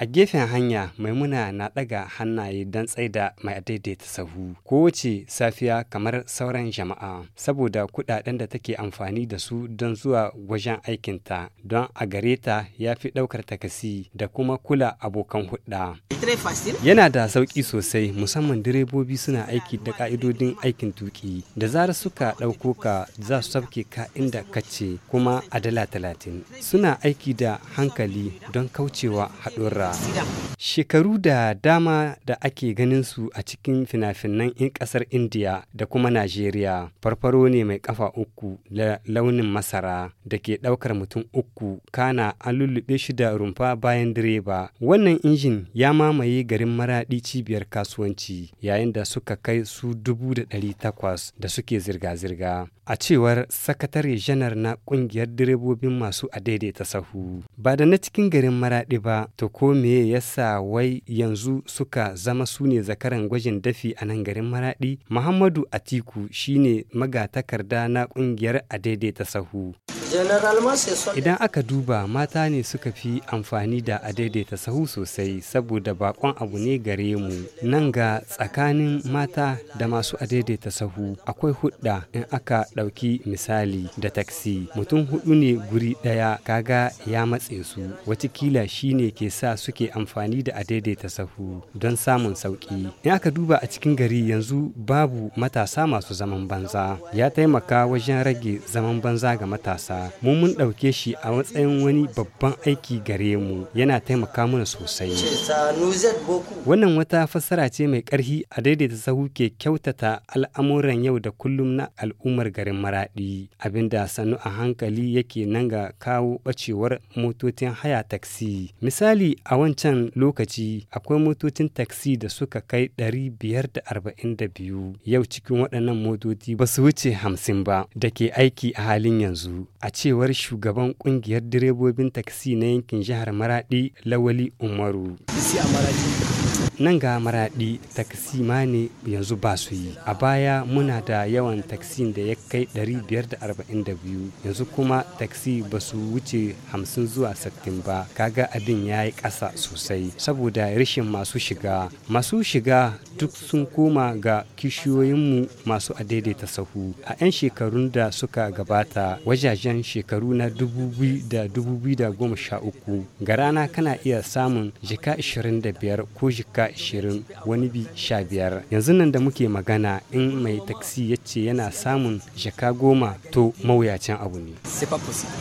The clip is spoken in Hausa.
A gefen hanya, Maimuna na ɗaga hannaye don tsaida mai daidaita sahu kowace safiya kamar sauran jama'a saboda kuɗaɗen da take amfani da su don zuwa wajen aikinta don a gare ta ya fi ɗaukar takasi da kuma kula abokan hudda. Yana da sauƙi sosai musamman direbobi suna aiki da ƙa'idodin aikin tuƙi da zarar suka ɗauko ka za su sauke ka inda ka ce kuma a dala talatin. Suna aiki da hankali don kaucewa haɗura. Shekaru da dama da ake ganin su a cikin fina-finan in ƙasar India da kuma Najeriya farfaro ne mai ƙafa uku la launin masara da ke ɗaukar mutum uku kana an lullube shi da rumfa bayan direba. Wannan injin ya mamaye garin maraɗi cibiyar kasuwanci yayin da suka kai su dubu da ɗari takwas da suke zirga-zirga. A cewar sakatare janar na ƙungiyar direbobin masu a daidaita sahu. Ba da na cikin garin maraɗi ba to ko me yasa wai yanzu suka zama su ne zakaran gwajin dafi a nan garin Maraɗi? Muhammadu Atiku shine magatakarda na ƙungiyar a daidaita sahu. Idan aka duba mata ne suka fi amfani da a daidaita sahu sosai saboda bakon abu ne gare mu. Nan ga tsakanin mata da masu a daidaita sahu akwai hudda in aka ɗauki misali da taksi. Mutum hudu ne guri ɗaya kaga ya matse su watakila shi ne ke sa suke amfani da a daidaita sahu don samun sauki. In aka duba a cikin gari yanzu babu matasa masu zaman banza ya taimaka wajen rage zaman banza ga matasa. mu mun ɗauke shi a matsayin wani babban aiki gare mu yana taimaka mana sosai. Wannan wata fassara ce mai ƙarfi a daidaita sahu ke kyautata al'amuran yau da kullum na al'ummar garin Maraɗi abinda sannu a hankali yake nan ga kawo ɓacewar motocin haya taksi. Misali a wancan lokaci akwai motocin taksi da suka kai biyar da da arba'in biyu, yau cikin waɗannan motoci ba su wuce hamsin ba da ke aiki a halin yanzu. a cewar shugaban kungiyar direbobin taksi na yankin jihar maradi lawali umaru nan ga maraɗi taksi ma ne yanzu ba su yi a baya muna da yawan taksi da ya kai 542 yanzu kuma taksi ba su wuce 50 zuwa 60 ba kaga abin ya yi ƙasa sosai saboda rashin masu shiga masu shiga duk sun koma ga kishiyoyinmu masu ta sahu a 'yan shekarun da suka gabata wajajen shekaru na 2013 ga rana kana iya samun jika 25 ko jika ashirin wani bi sha biyar yanzu nan da muke magana in mai taksi ya ce yana samun jaka goma to mawuyacin abu ne